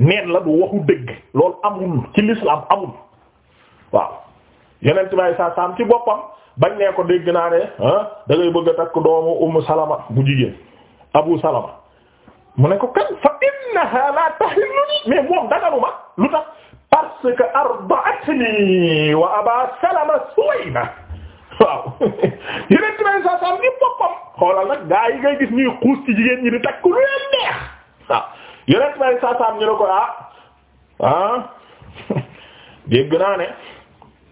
neen la du waxu dëgg loolu amul ci l'islam amul waaw yeneen tubaab saa ci boppam bañ nee ko dégg naa ne ah da bëgg a takk doomu Umm Salama bu jigéen Abu Salama mu ne ko kan fa innaha la tahillu ni mais moom daganuma lu tax parce que arda'atni wa Aba Salama suwayna waaw yeneen tubaab saa saam boppam xoolal nag gaa yi ngay gis ñuy xuus ci jigéen ñi di takk lu leen neex yeneen may saasaam ñu ne ko ah ah dégg naa ne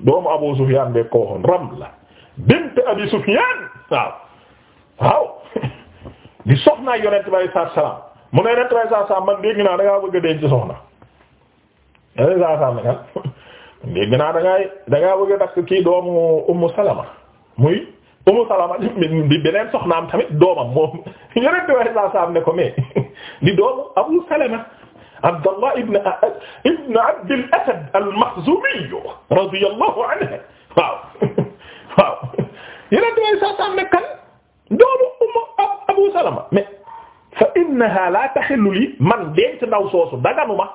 doomu Abu Sufyan be ko waxoon Ramla bint Abi Sufyan waaw waaw di soxnaa yonent bi saa salaam mu ne yonent bi saa salaam man dégg naa da ngaa bëgg a denc soxna yonent saa salaam nag dégg naa da ngaa da ngaa bëgg a takk kii doomu Ummu Salama muy Ummu Salama di beneen soxnaam tamit doomam moom yonent bi saa salaam ne ko mais. di doomu Abu Salama Abdallah ibn ibn Abd al-Asad al-Makhzumi radiyallahu anhu waaw waaw yeneen i may sàttan ne kan doomu Umm Abu Salama mais fa innaha la tahillu li man denc ndaw soosu daganuma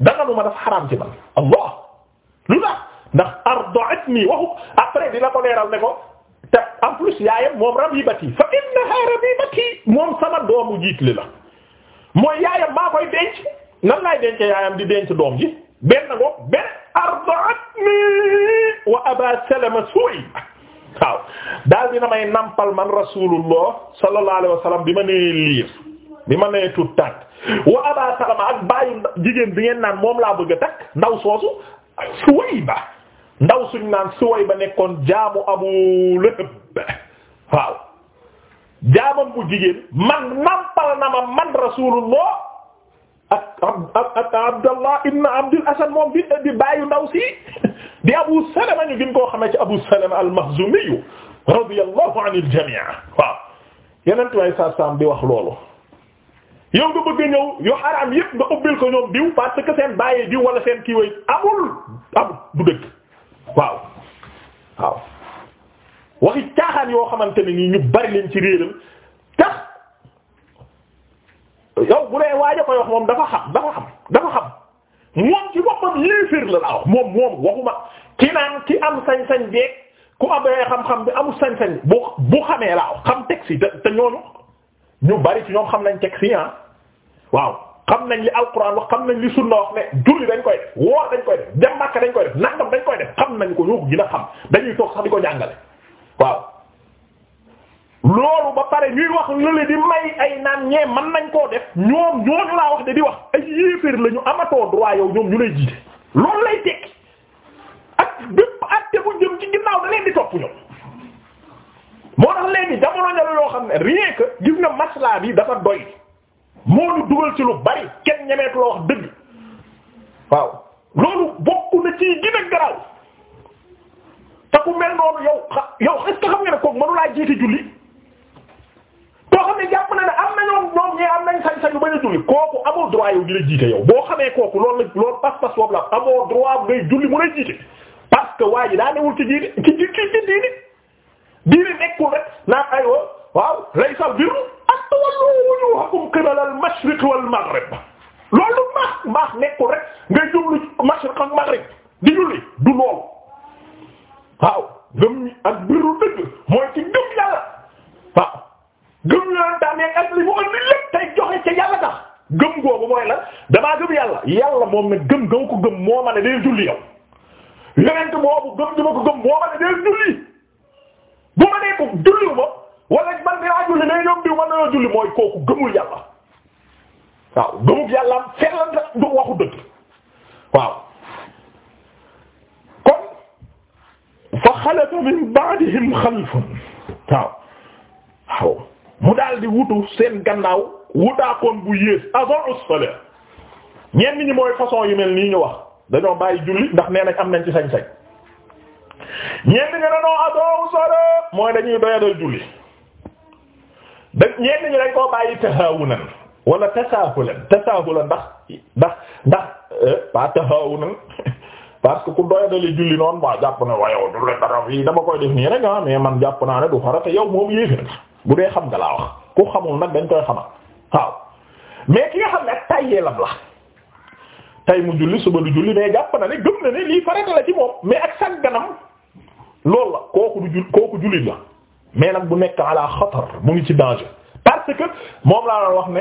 daganuma dafa xaraam ci man Allah lu tax ndax ardaatni waxu après dina ko leeral ne ko te en plus yaayam moom rabibati fa innaha rabibati moom sama doomu jiitli la. mooy yaayam maa koy denc nan laay denc yaayam di denc doom ji benn go benn ardaatni wa aba salama suuy waaw daal dina may nampal man rasulullah sallallahu alayhi bi ma nee liir bi ma nee tut tànk wa aba salama ak bàyyi jigéen bi ngeen naan moom laa bëgg a takk ndaw soosu suway ba ndaw suñ naan suway ba nekkoon jaamu abu lahab waaw jaamam bu jigéen man nampal na ma man rasulullah ak ak abdallah ibn abdul asad moom ndaw di abu salama ñu gën koo xamee ci abu salama al-makhzumi a anil jami' way sa sam bi wax loolo yow nga bëgg a ñëw yu xaraam yépp nga ubbil ko ñoom diw parce que seen bàyyee diw wala seen kii way amul amul du dëgg waaw waxi caaxaan yoo xamante ne nii ñu bari lañ ci réeram tax yow bu dee waaja koy wax moom dafa xam dafa xam dafa xam moom ci boppam yéeféer la laa wax moom moom waxuma ki naan ku abee xam-xam bi amul sañ-sañ bu bu xamee laa wax xam teg te te ñooñu ñu bari ci ñoom xam nañ teg si ah. waaw xam nañ li alquran wax xam nañ li sunna wax ne julli dañ koy def woor dañ koy def dem dañ koy def nangam dañ koy def xam nañ ko ñoo ko gën a xam dañuy toog sax di ko jàngale waaw loolu ba pare ñuy wax lële di may ay naan ñee man nañ koo def ñoom ñooñu laa wax de di wax ay yéeféer la ñu amatoo droit yow ñoom ñu lay jiite loolu lay tekki ak bépp àtte bu jëm ci ginnaaw da leen di topp ñoom moo tax léegi jamono ña yoo xam ne rien que gis nga maslaa bi dafa doy moo ñu dugal ci lu bari kenn ñemeetu la wax dëgg waaw loolu bokk na ci gën garaw te ku mel noonu yow yow est-ce que xam nga ne kooku mënu laa jiite julli koo xam ne jàpp am na ñoom ñoom ñee am nañ sañ-sañu bañ a julli kooku amoo droit yow di jiite yow boo xamee kooku loolu la loolu pas-pas boobu la amoo droit ngay julli mu lay jiite parce que waa ji daa newul ci diine ci ci ci diine diine nekkul rek naan aywa waaw lay sal biru an tawallu wujuhakum qibala al-mashriq wal-maghrib loolu lu mbaax nekkul rek ngay jublu mashriq ak maghrib di waaw gëm ak biru dëgg mooy ci gëm yàlla waaw gëm yàlla daanee ak li mu ëndi lépp tey damaa gëm yàlla yàlla moom ne gëm gëm ko gëm moo ma ne day julli yow yonent boobu gëm di ko gëm moo ma ne day julli bu ma nee ko julli mooy kooku gëmul yàlla waaw gëmul yàlla am fenn du waxu dëgg waaw fa xalafa min ba'dihim xalfun waaw waaw mu daal wutu seen gannaaw wutaakoon bu yées avant as-salat ñenn ñi mooy façon yu mel nii ñu wax dañoo bàyyi julli ndax nee nañ am nañ ci sañ-sañ ñenn ñi dañoo avant as-salat mooy dañuy doyadal julli da ñenn ñi dañ koo bàyyi tahaawunan wala tasaahulan tasaahulan ndax ndax ndax eh, pas tahaawunan parce que ku doyadale julli noonu waa jàpp na waa yow julli dara fii dama koy def nii rek ah mais man jàpp naa ne du farata yow moom yéefér bu dee xam nga laa wax ku xamul nag dañ koy xamal waaw mais ki xam ne ak tayyeelam la tay mu julli suba du julli mais jàpp na ne gëm na ne lii farata la ci moom mais ak sàgganam loolu la kooku du jullit la mais nag bu nekk ala xatar mu ngi ci danger parce que moom laa doon wax ne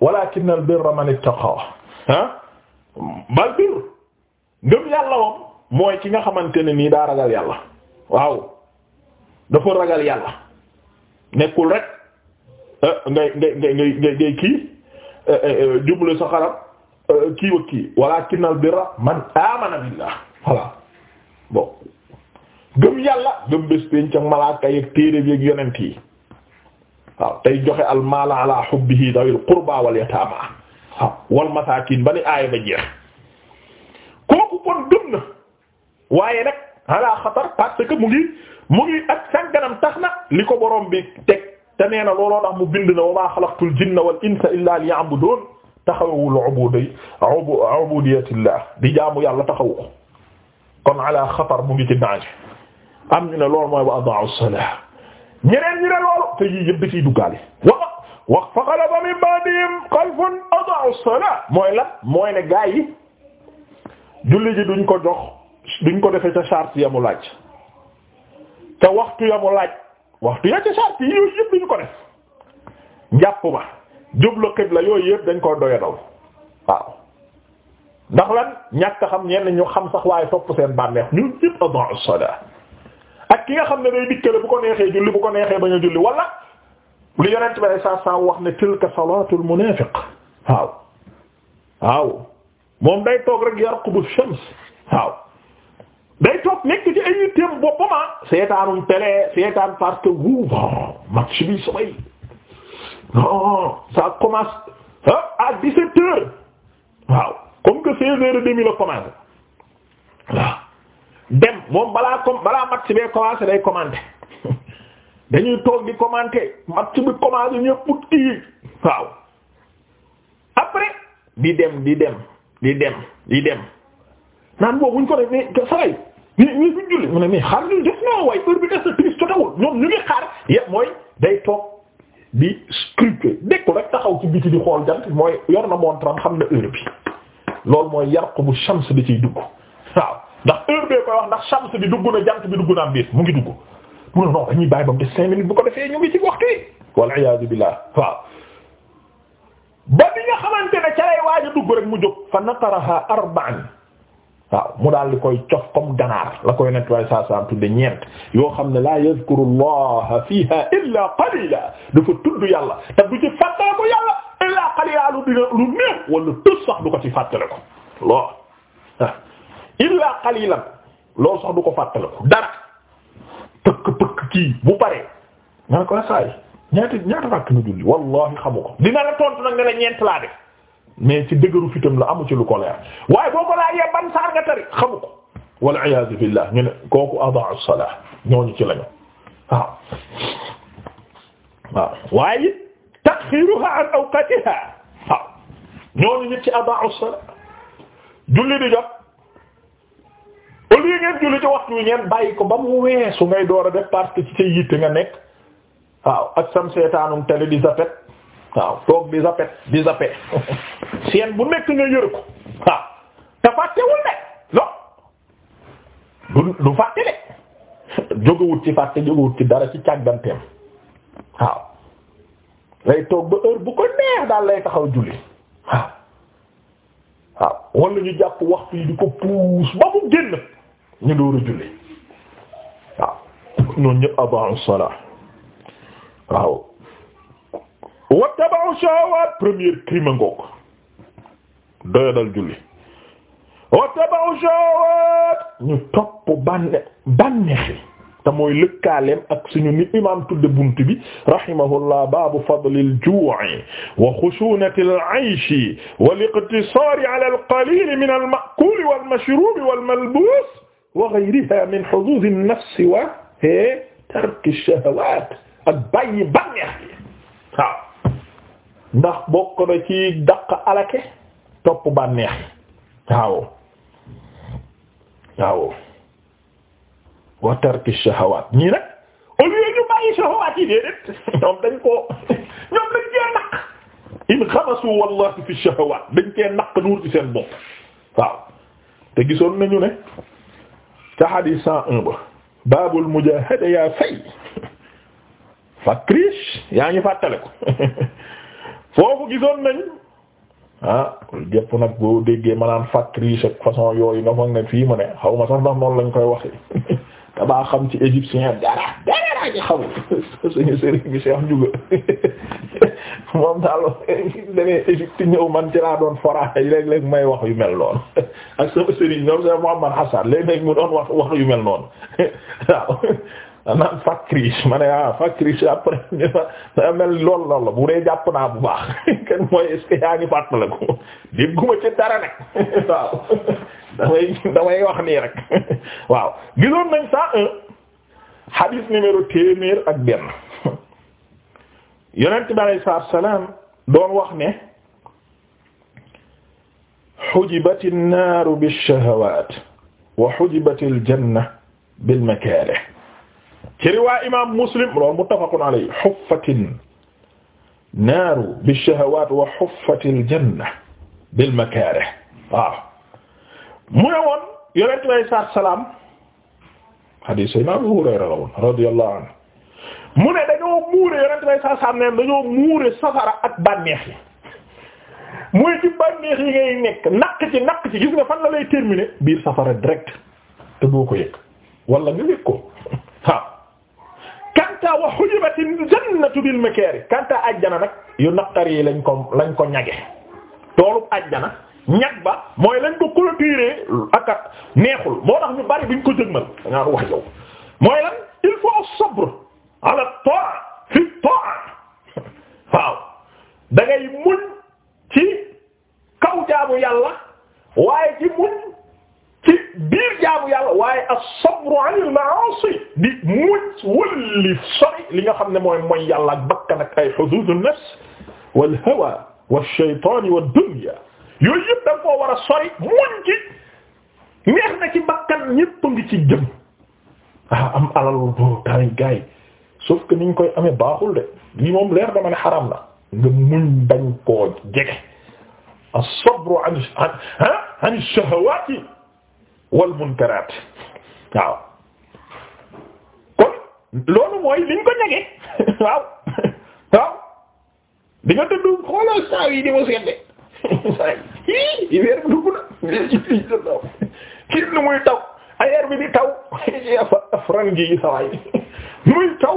walakin al birra man ittaqa ah bal birr ngëm yàlla moom mooy ki nga xamante ne nii daa ragal yàlla waaw dafa ragal yàlla nekkul rek eh, ngay ngay ngay ngay ngay kii eh, eh, jublu sa xarab kii wa kii walaakinnal man amana billah voilà bon yàlla gëm bés pénc ak malaaka yi ak téere yonent yi waaw tey joxe al ala hubbihi dawil qurba wal yataama wal masaakin ba ni aaya ba jeex kon gëm na waaye nag ala xatar parce que mu ngi mu ngi ak sànganam tax na li ko borom bi teg te nee na looloo tax mu bind na wa maa xalaqtul jinna wal insa illaa liya'buduun taxawul ubuday ubudiyatillah di jaamu yàlla taxawu ko kon ala xatar mu ngi ci danger am ñu ne loolu mooy wa adaa'u salaa ñeneen ñu ne loolu te yii yëpp da ciy duggaale wa wax fa xalafa min ba'dihim xalfun adaa'u salaa mooy lan mooy ne gaa yi julli ji duñ ko dox duñ ko defee ca charte ya mu laaj ca waxtu ya laaj waxtu ya ca yi yooyu yëpp duñ ko def njàpp ma jublu xibla yooyu yëpp dañ ko doyadal waaw ndax lan ñàkk xam ñenn ñu xam sax waaye topp seen bànneex ñu yëpp adon ak ki nga xam ne day dikkale bu ko neexee julli bu ko neexee ba a julli wala lu yonent bi saa saa wax ne tilka salaatul munaafiq waaw waaw moom day toog rek yarqubu shams waaw day toog nekk ci ay yitteem boppam ah seetaanum télé seetaan parce que wuu match bi samay non ça commence ah, à 17 heures waaw comme que 16 heures et demie la commencé waaw dem moom balaa comme balaa match bee commencé day commenté dañuy toog di commenté match bi commencé ñëpp kii waaw après di dem di dem. di dem lii dem naan boobu buñ ko def mais saway ñi ñii buñ julli mu ne mais xaar ñu mooy day toog di sculpté dékku rek taxaw ci biti di xool jant mooy yor na montre xam na heure bi loolu mooy bu shams bi ciy dugg waaw ndax heure bee koy wax ndax shams bi dugg na jant bi na biir mu ngi dugg mu ne non dañuy bàyyi ba mu des cinq minutes bu ko defee ñu ngi ci waxtu yi wal iyaadu billah waaw ca lay waaj dugg rek mu jóg fa naqaraha arba'an waaw mu daal di koy cof comme ganaar la koy nettoyer saa saa tudde ñeent yoo xam ne laa yazkuru llaha fiha tudd yàlla te du ci fàttale ko yàlla illa qalila lu dina wala tës sax du ko ci fàttale ko lool illa qalilan loolu sax du ko fàttale ko dara pëkk pëkk kii bu paree nga ne saa yi ñaata ñaata rakk na julli wallahi xamu dina la tontu nag ne la ñeent laa def mais ci dëgëru fitam la amu ci lu ko leer waaye boo ko laajee ban saar nga tari xamu ko wal iyaazu billah kooku adaa as-salaah ñooñu ci lañu waaw waaw waaye taxiiruha an awqatiha waaw ñooñu nit ci adaa as-salaah julli di jot au lieu ngeen julli ci waxtu wi ngeen bàyyi ko ba mu weesu ngay door a def parce que ci sa yitte nga nekk waaw ak sam seetaanum tele di zapet waaw toog di zappé di zappé bu nekk nga yër ko waaw te fàttewul ne non du du fàtte de jógewut ci fàtte jógewut ci dara ci càgganteem waaw lay toog ba heure bu ko neex daal lay taxaw julli waaw waaw ñu jàpp waxtu yi di ko puus ba mu génn ñu door julli waaw ñooñu ñëpp avant waaw. arba'u shahawaat premier crime ngoog doyadal julli wattaba'u shahawaat ñu topp bànne bànneexi te mooy lëkkaaleem ak suñu ni imam tudde bunt bi rahimahullah baabu fadlil ju'i wa xushunatil 'ayshi wal iqtisaari 'ala al qalil min al ma'kuli wal mashrubi wal malbus wa ghayriha min hudud an nafs wa tarki ash-shahawaat ak bàyyi bànneex waaw ndax bokk na ci daq alake topp bànneex waaw waaw wa tarki shahawaat ñii nag au lieu ñu bàyyi shahawaat yi déedéet ñoom dañ ko ñoom dañ naq in xamasu wallahi fi shahawaat dañ cee naq nuur ci bopp waaw te gisoon nañu ne ca hadith cent un ba baabul mujaahada yaa fay fakrish yaa ngi fàttale ko foofu gisoon nañ ah jëpp nag boo déggee maanaam factrice ak façon yooyu nga foog ne fii mu ne xaw ma sax ndax noonu lañ koy waxee te baa xam ci égyptien dara dara ci xamul suñu sëriñ bi Cheikh Ndiouga moom daal demee Égypte ñëw man ci laa doon fora léeg-léeg may wax yu mel noonu ak sama sëriñ ñoom Cheikh Mouhamad Hassan léeg-léeg mu doon wax wax yu mel noonu waaw naan ah, fakrish ma ne ah fakrish après ma mel lool lool bu dee bu baax kenn mooy est-ce que yaa ngi fàttale ko dégguma ci dara waaw damay wax nii rek waaw gisoon nañ cent un hadis numéro téeméer ak benn yonent bi alayhi salaam doon wax ne xujibat an-naaru bish-shahawaat wa xujibat al-janna bil makaarih ci riwaa imam muslim loolu muttafaqun alayhi huffatin naaru bishahawat wa huffatil janna bil makaarih waaw mu ne woon yonent bi alayhi salaatu wa salaam hadiis Seydina Abu Hurayra la woon radiyallahu anhu mu ne dañoo muure yonent bi alayhi salaatu wa salaam ne dañoo muure safara ak bànneex yi mooy ci bànneex yi ngay nekk naq ci naq ci gis nga fan la lay terminer biir safara direct te doo ko yëg wala nga yëg ko waaw kanta wa hujibatil jannatu bil makari kanta ajjana nag yu naqari yi lañ ko lañ ko ñage toolub ajjana ñag ba mooy lañ ko clôturer ak neexul moo tax ñu bari buñ ko jëgmal dangaa wax yow mooy lan il faut sabr ala ta'a fi ta'a waaw da muñ ci kaw jaamu yàlla waaye ci muñ biir jaamu yàlla waaye as-sabru 'anil ma'asi di mucc wëlli sori li nga xam ne mooy mooy yàlla ak bakkan ak ay hudud an wal hawa wash-shaytan wad-dunya yooyu yëpp da nga a sori muñ ci ngi ci jëm ah am niñ koy amee baaxul de lii moom leer dama ne xaram na nga muñ bañ koo jege as-sabru 'an an ash-shahawati wal munkaraat waaw kon loolu mooy liñ ko ñege waaw waaw di nga tëdd xoolal saa yi di ma seetlee saa yi yi weer bi dugg na yi sa taw kii nu muy taw ayeer bi di taw franc yi sawaay nu taw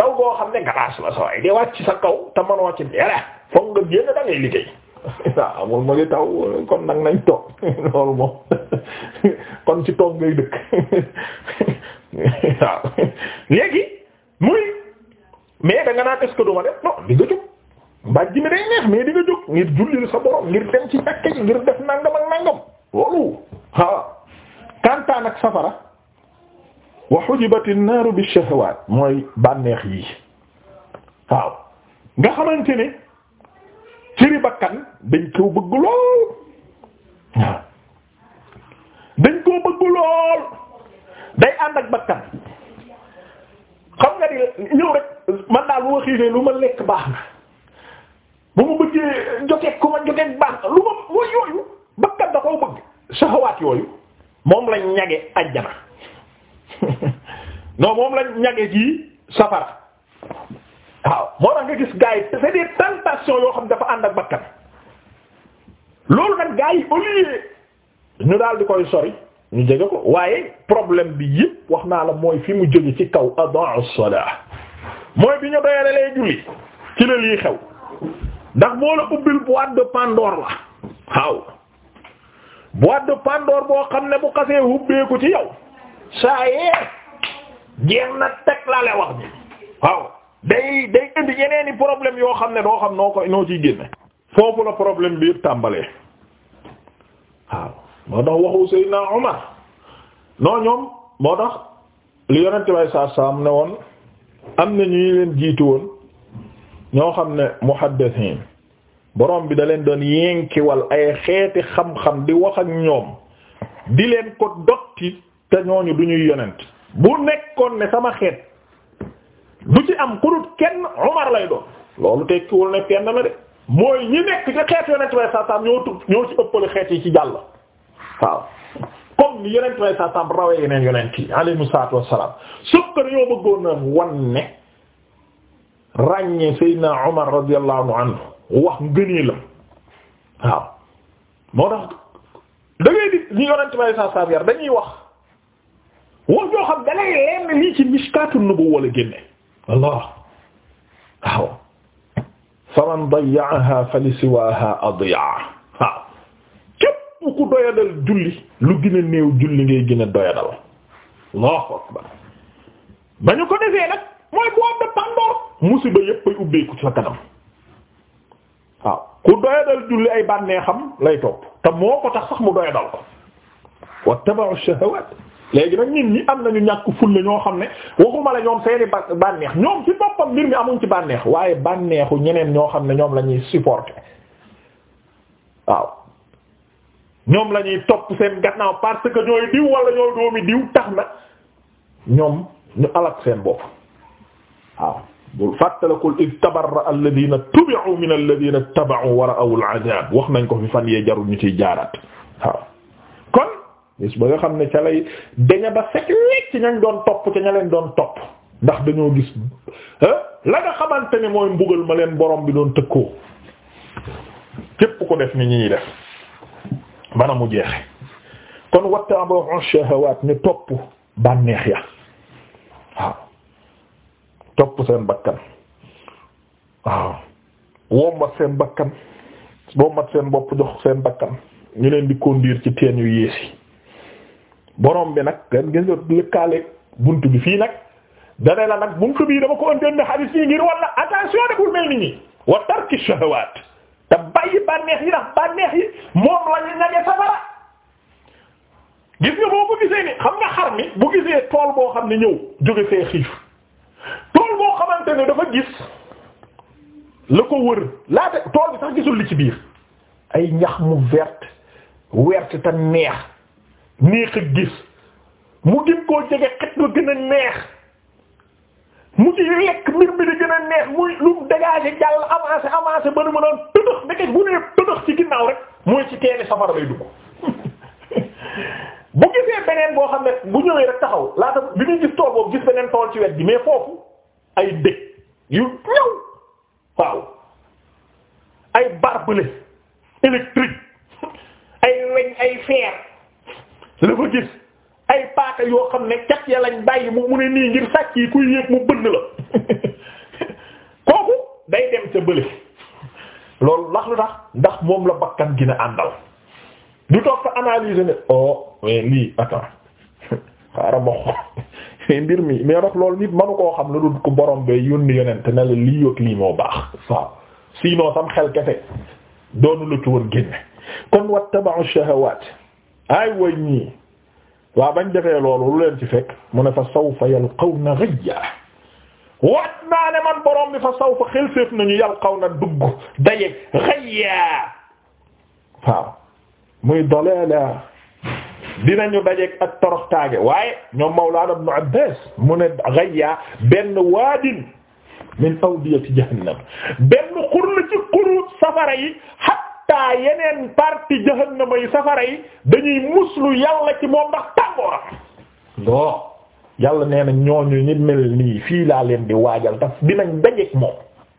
taw boo xam ne glace la sawaay di wàcc sa kaw te manoo ci dara foog nga génn da ngay liggéey waaw amul ma ngi taw kon nag nañ toog loolu moom kon ci toog ngay dëkk waaw léegi muy mais da nga naan est-ce def non di nga jóg mbàjj mi day neex mais di nga jóg ngir jullil sa borom ngir dem ci jàkka ji ngir def nangam ak nangam loolu waaw kantaan ak safara wa hujibat an-nar bi shahawat mooy bànneex yi waaw nga xamante ne cëri bakkan dañ koo bëgg lool waaw dañ koo bëgg lool day ànd ak bakkan xam nga ni ñëw rek man daal bu ma lu ma lekk baax na bu ma bëggee joteeg ma joteeg baax na lu ma mooy yooyu bakkan da koo bëgg saxawaat yooyu moom lañ ñage ajjana non moom lañ ñage ci safara waaw moo tax nga gis gars yi c'est des tentations yoo xam ne dafa ànd ak bakkan loolu nag gars yi ñu daal di koy sori ñu jege ko waaye problème bi yëpp wax naa la mooy fi mu jóge ci kaw adaa as mooy bi ñu doyale lay julli ci la lii xew ndax moo la ubbil boîte de Pandore la waaw boîte de Pandore boo xam ne bu xasee hubbeeku ci yow saa yee jeex na teg laa wax bi waaw day day indi yeneen i problème yoo xam ne doo xam noo ko noo ciy génne foofu la problème bi yëpp tàmbalee waaw moo tax waxu Seydina Omar non ñoom moo tax li yonente way saa saam ne woon am na ñuy leen jiitu woon ñoo xam ne muhaddisiin borom bi da leen doon yenkiwal ay xeeti xam-xam di wax ak ñoom di leen ko dotti te ñooñu du ñuy yonent bu nekkoon ne sama xeet lu ci am ku dul kenn Umar lay doon loolu tekkiwul ne kenn la de mooy ñi nekk ci xeet yonent way saa saam ñoo tub ñoo ci ëppale xeet yi ci jàll waaw comme ni yonent way saa saam rawee yeneen yonent yi alayhi salaatu wassalaam soo ko dañoo bëggoon a wanne ràññee Seydina Umar la waaw moo tax da ngay ñi yonent way saa saam yar dañuy wax wax joo xam dalay lenn lii ci miskaatu nubuwwa la génne allah waaw faman dayya'aha falisiwaha adiyaa waaw képp ku doyadal julli lu gën a néew julli ngay gën a doyadal allahu akbar ba ñu ko defee nag mooy boîte de Pandore musiba yépp ay ubbeeku sa kanam waaw ku doyadal julli ay bànnee lay topp te moo ko tax sax mu doyadal ko wattaba'u shahawat léegi nag nit ñi am na ñu ñàkk fulle ñoo xam ne waxuma la ñoom seeni ba bànneex ñoom ci boppam mbir mi amuñ ci bànneex waaye bànneexu ñeneen ñoo xam ne ñoom la ñuy supporter waaw ñoom lañuy ñuy topp seen gannaaw parce que ñooy diw wala ñooy doomi diw tax na ñoom ñu alak seen bopp waaw bul fàttalikul id tabarra alladina tubi'u min alladina taba'u wa ra'aw al'adab wax nañ ko fi fan yee jarul ñu ci jaaraat waaw bis ba nga xam ne ca lay daña ba fekk lekk ci ñañ doon topp ca ña leen doon topp ndax dañoo gis la nga xamante mooy mbugal ma leen boroom bi doon tëkkoo képp ko def ni ñuy def bana mu jeex kon wattabu shahawat ni topp bànneex ya waaw topp seen bakkan waaw wombat seen bakkan wombat seen bopp jox seen bakkan ñu leen di conduire ci teen yu yées yi borom bi nag gan gis nga lëkkaaleeg buntu bi fii nag dane la nag buntu bii dama ko ëndoon ne xadis yi ngir wala attention deful mel ni ñi wa tarki te bàyyi bànneex yi ndax bànneex yi moom lañu ñage safara gis nga boo ko gisee ni xam nga xar mi bu gisee tool boo xamante ne dafa gis la ko wër laata tool bi sax gisul li ci biir ay ñax mu verte werte te neex neex ak gis mu gën koo jege xet lu gën a neex mu ci lekk mbir mi di gën a neex muy lu mu dégager jàll avancer avancer ba nu ma doon tëddax ndeket bu nee tëddax ci ginnaaw rek mooy ci teeni safara lay dugg bu gisee beneen boo xam ne bu ñëwee rek taxaw laata bi muy gis tool boobu gis beneen tool ci wet gi mais foofu ay dëkk yu ñëw waaw ay barbelé électrique ay weñ ay fer la dafa gis ay paaka yoo xam ne cat ya lañ bàyyi mu mu ne nii ngir sàcc yi kuy yéeg mu bënn la kooku day dem ca bële loolu lax lu tax ndax moom la bakkan gën a àndal du toog fa analyser ne oh mais lii attends xaaral ma xool mbir mi mais nag loolu nit mënu koo xam lu dul ko borom bee yónni yonent na la lii yóot lii moo baax waaw sinon sam xel kese doonu la ci war génne kon wattaba'u shahawaat ay way ñii waa bañ defee loolu lu leen ci fekk mu ne fa sawfa yalqawna ghayya waat naa ne man borom bi fa sawfa xelséef nañu yalqawna dugg dajeeg ghayya waaw muy dalaala dinañu dajeeg ak toroxtaage waaye ñoom Mawlaana Ibn Abbaas mu ne ghayya benn waadin min awdiyati jahannam benn xur la ci xuru safara yi gaa yeneen parti jahannama yi safara yi dañuy muslu ci moom ndax tàngooram loo yàlla ñooñu ñi mel nii fii laa leen di waajal taf nañ dajeek moom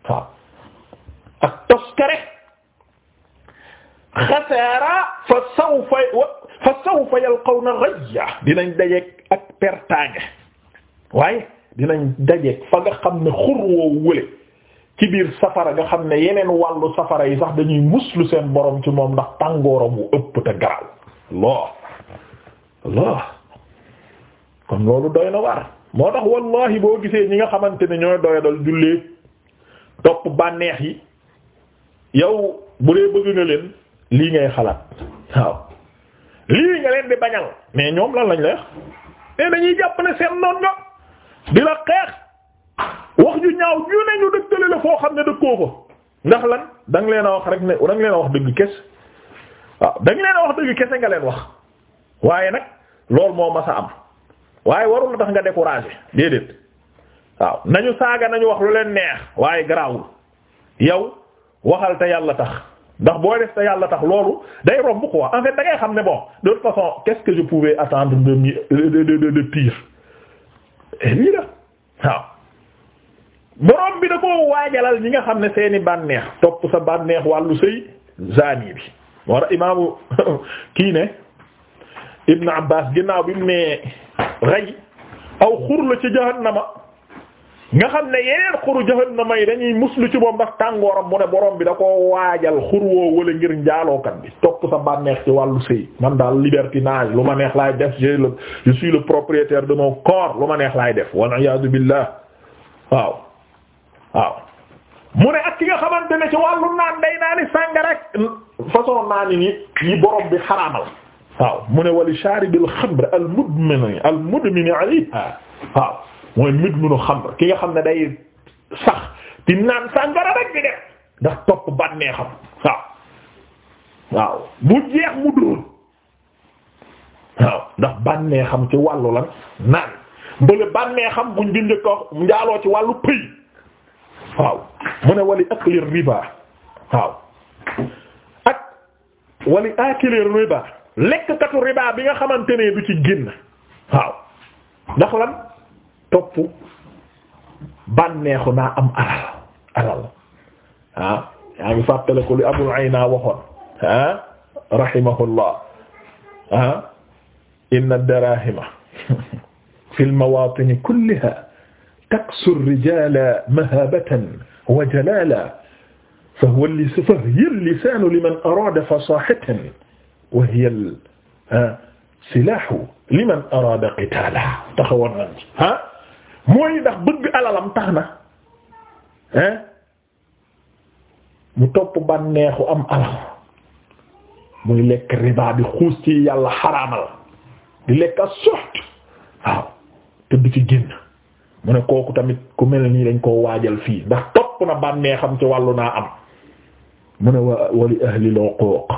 waaw ak toskare xasaara fa sawfa fa sawfa yalqawna ghayya dinañ dajeek ak pertaange waaye dinañ dajeek fa nga xam ne ci biir safara nga xam ne yeneen wàllu safara yi sax dañuy lu seen borom ci moom ndax tàngooram wu ëpp te garaw loo loo kon loolu doy na war moo tax wallahi boo gisee ñi nga xamante ne ñooy doyadal jullee topp bànneex yi yow bu dee bëgg nga leen lii ngay xalaat waaw lii nga leen di bañal mais ñoom la lañ lay wax te dañuy jàpp ne seen noon nga di la xeex wax ñaaw ñu ne ñu dëkkale la foo xam ne dëkkoo ko ndax lan da leen a wax rek ne da leen a wax dëgg kese waaw da leen a wax dëgg kese nga leen wax waaye nag loolu moo mas a am waaye warul la tax nga découragé déedéet waaw nañu saaga nañu wax lu leen neex waaye garaawul yow waxal te yàlla tax ndax boo def te yàlla tax loolu day romb quoi en fait da ngay xam ne boo de toute façon qu'est-ce que je de de de de pire lii la waaw. borom bi da koo waajalal ñi nga xam ne seeni bànneex topp sa bànneex wàllu sëy zani bi war a imaamu kii ne ibnu abbas ginnaaw bi mu ne rey aw xur la ci jahannama nga xam ne yeneen xuru jahannama yi dañuy lu ci moom ndax tàngooram mu ne borom bi da koo waajal xur woo wala ngir njaalookat bi topp sa bànneex ci wàllu sëy man daal libertinage lu ma neex laay def je lu je suis le propriétaire de mon corps lu ma neex laay def wal iyaadu billah waaw waaw mu ne ak ki nga xamante ne ci wàllu naan day naani sànga rek façon naani ni yi borom bi xaraamal waaw mu ne wali sharibil xamr al mudmin al mudmin alayha waaw mooy mudminu xamr ki nga xam ne day sax di naan sàngara rek bi def ndax topp bannee xam waaw waaw bu jeex mu dóor waaw ndax bannee xam ci wàllu lan naan bële bannee xam buñ di njëkk njaaloo ci wàllu pëy waaw mu ne wali akli riba waaw ak wali akli riba lekkatu riba bi nga xamante ne du ci génn waaw ndax lan topp bànneexu naa am alal alal ah yaa ngi fàttale ko li Abul Ayna waxoon ah rahimahullah ah inna ad-darahima fil mawatin kulliha taksu rijaala mahaabatan wa jalaala fahuwa fahiya lisaanu liman araada fasaahatan wa hiya silaahu liman araada qitaalan taxawoon nañ ci ah mooy ndax bëgg alalam tax na ah mu topp bànneexu am alal muy lekk riba bi xuus ci yàlla xaraamal di lekk as-suxt waaw te du ci génn. mu ne kooku tamit ku mel nii lañ koo waajal fii ndax topp na bànnee xam ci wàllu naa am mu ne wa wali ahlil uquq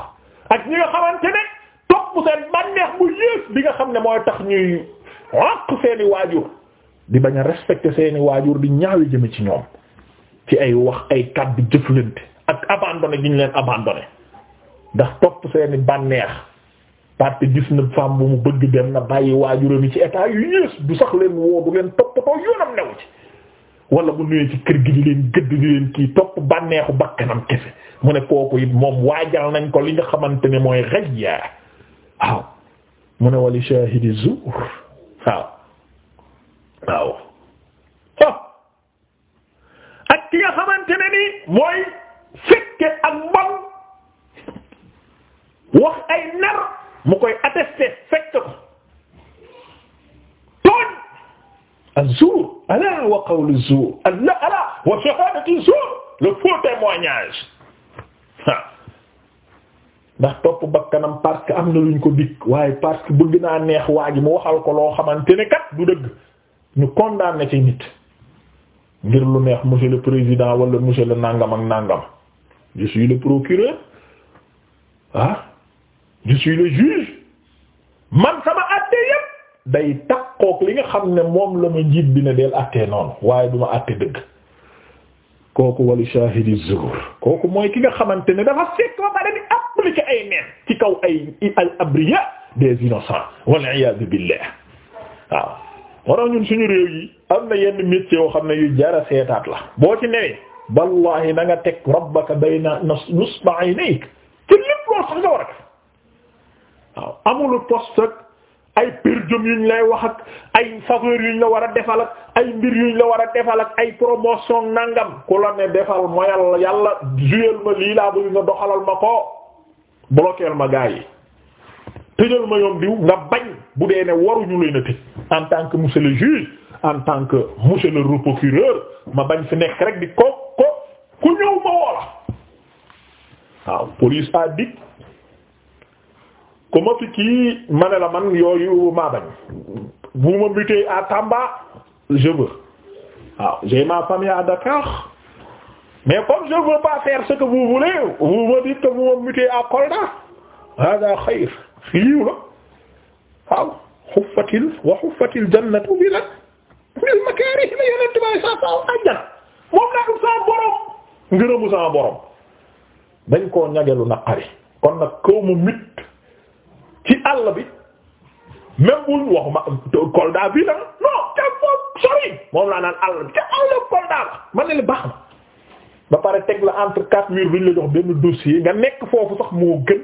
ak ñi nga xamante ne topp seen bànneex bu yées bi nga xam ne mooy tax ñuy wàq seeni waajur di bañ a respecter seeni waajur di ñaawe jëme ci ñoom ci ay wax ay kàddu jëflante ak abandonné gi ñu leen abandonné ndax topp seeni bànneex parce que gis na femme bu mu bëgg dem na bàyyi waajuram ci état yu yées du sax leen woo du leen toppatoo yoonam new ci wala bu nuyee ci kër gi di leen gëdd di leen kii topp bànneexu bakkanam kese mu ne kooku it moom waajal nañ ko li nga xamante ne mooy rajya waaw ne wali shahidi ak ki wax ay nar mu koy attesté fekk ko tooñ az-zuur alaa wa qawlu zuur alaa alaa wa shahaadatu zuur le faux témoignage ndax topp bakkanam parce que am na luñ ko dikk waaye parce que bëgg naa neex waa ji mu waxal ko loo xamante ne kat du dëgg ñu condamné ci nit ngir lu neex monsieur le président wala monsieur le nangam ak nangam je le procureur ah je suis le juge man sama àttee yépp day takkook li nga xam ne moom la ma njiit bi ne del àttee noonu waaye du ma àttee dëgg kooku wali shahidi zuur kooku mooy ki nga xamante ne dafa fekk ba pare di appliquer ay neen ci kaw ay al abriya des innocents wal iyaazu billah waaw waroon ñun suñu réew yi am na yenn métier yoo xam ne yu jara seetaat la boo ci newee wallahi na nga teg rabbaka bayna nusba'aynik ci lépp loo sax nga war waaw amul poste ak ay përjëm yuñ lay wax ak ay faveur yuñ la war a defal ak ay mbir yuñ la war a defal ak ay promotion nangam ku la ne defal ma yàlla yàlla juyal ma lii laa bëgg nga doxalal ma ko bloqueel ma gaa yi tëjal ma yoon diw nga bañ bu dee ne waruñu leen a tëj en tant que monsieur le juge en tant que monsieur le procureur ma bañ fi nekk rek di ko ko ku ñëw ma woola waaw police a dit ku ma fi kii la man yooyu maa bañ bu ma buté à Tamba je veux waaw ma famille à Dakar mais comme je veux pas faire ce que vous voulez vous me dites que vous me mutez Kolda hada xayr yiw la waaw xuffatil wa xuffatil jannatu bi la bil makarih la yonent bay sa saw àjjana moom laa dul sama borom ngërëmu sama borom dañ koo ñagelu naqari kon nag kaw mu mit ci àll bi même bul waxuma Kolda bii la non ca foofu sori moom laa naan àll bi ca àll Kolda la man ne li baax na ba pare teg la entre quatre murs bi ñu la jox benn dossier nga nekk foofu sax moo gën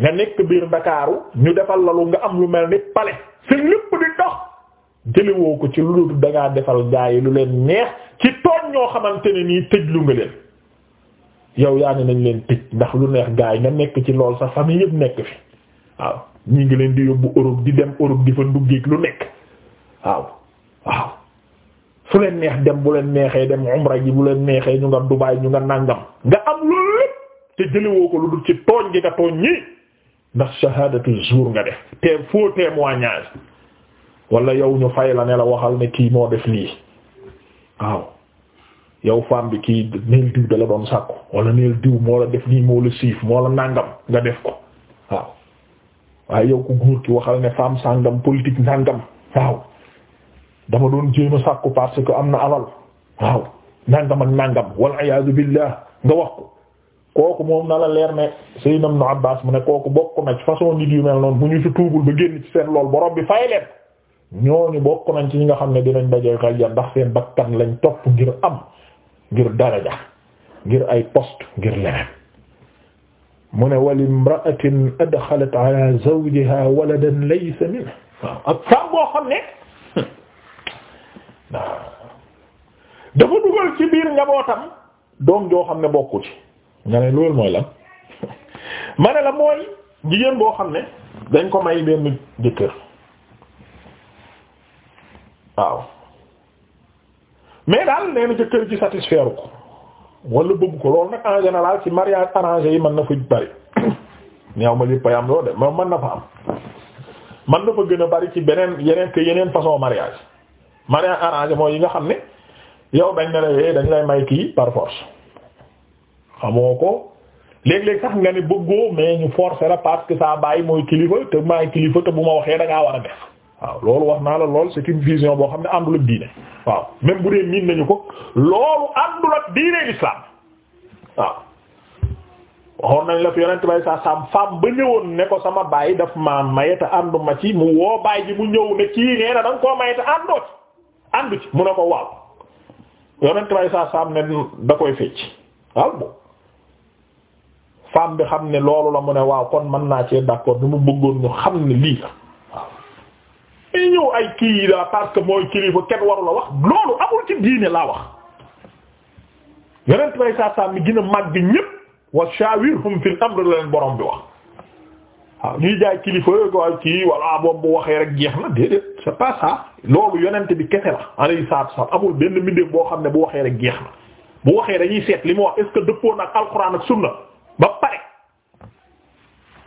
nga nekk biir Ndakaaru ñu defal la nga am lu mel ni palais si lépp di dox jëliwoo ko ci lu dul dangaa defal gaa yi lu leen neex ci tooñ ñoo xamante ni nii tëj lu nga leen yow yaa ngi nañ leen tëj ndax lu neex gaa yi nga nekk ci lool sa famille yëpp nekk fi waaw ñii ngi leen di yóbbu Europe di dem Europe di fa nduggeek lu nekk waaw waaw fu leen neex dem bu leen neexee dem umra ji bu leen neexee ñu nga Dubaay ñu nga nàngam nga am loolu lépp te jëlewoo ko lu dul ci tooñ gi nga tooñ ñii ndax shahadatu zuur nga def te faux témoignage wala yow ñu fay la ne la waxal ne kii moo def lii waaw yow femme bi kii neel diw da doon sàkku wala neel diw moo la def lii moo la siif moo la nàngam nga def ko waaw waaye yow ku góor ki waxal ne femme sàngam politique nàngam waaw dama doon jéem a sàkku parce que am na alal waaw nàngam ak nàngam wal iyaazu billah nga wax ko kooku moom na la leer ne Seydina Ibn Abbas mu ne kooku bokk na ci façon nit yu mel noonu bu ñu ci tuubul ba génn ci seen lool borom bi fay leen ñooñu bokk nañ ci ñi nga xam ne dinañ dajee xaljan ndax seen bakkan lañ topp ngir am ngir daraja ngir ay post ngir leneen mu ne wali imra'atin adxalat ala zawjiha waladan laysa minhu ak femme boo xam ne hmm, waaw dafa dugal ci biir njabootam doom joo xam ne bokku ci nga ne loolu mooy la ma la mooy jigéen boo xam ne dañ ko may benn jëkkër waaw mais daal nee jëkkër ci satisfaire ko wala bëgg ko loolu nag en général ci mariage arrangé yi mën na fa bari ñaaw ma lépp am loolu de moom man na fa am mën na fa gën a bari ci beneen yeneen que yeneen façon mariage mariage arrangé mooy yi nga xam ne yow dañ ne yooyu eh, dañ lay may kii par force xamoo ko léeg-léeg sax nga ne bëggoo mais ñu forcer la parce que saa bàyyi mooy kilifa te maay kilifa te bu ma waxee da ngaa war a def. waaw loolu wax naa la lool c'est une vision boo xam ne àndul ak diine waaw même bu dee miin nañu ko loolu àndul ak diine l'islam waaw waxoon nañ la fi yonent bay sa sam femme ba ñëwoon ne ko sama baay daf ma mayeta àndu ma ci mu woo baay ji mu ñëw ne kii nee na da koo mayeta àndoo ci ci mu ne ko waaw yonent bay sa sam ne da koy fecc waaw bo femme bi xam ne loolu la mu ne waaw kon mën naa ci d'accord ni mu bëggoon ñu xam ne lii la ngay ñëw ay kii yi daa mooy kilifa kenn waru la wax loolu amul ci diine laa wax yeneen may saa saa mi gën mag bi ñépp wa shawirhum fil amr la leen borom bi wax waaw jaay kilifa ko kii walla ah, boobu bu waxee rek jeex na déedéet c'est pas ça loolu yonent bi kese la alayhi salaatu wasallam amul benn mbindeef boo xam ne bu waxee rek jeex na bu waxee dañuy seet li mu wax est-ce que dëppoo nag ak sunna ba pare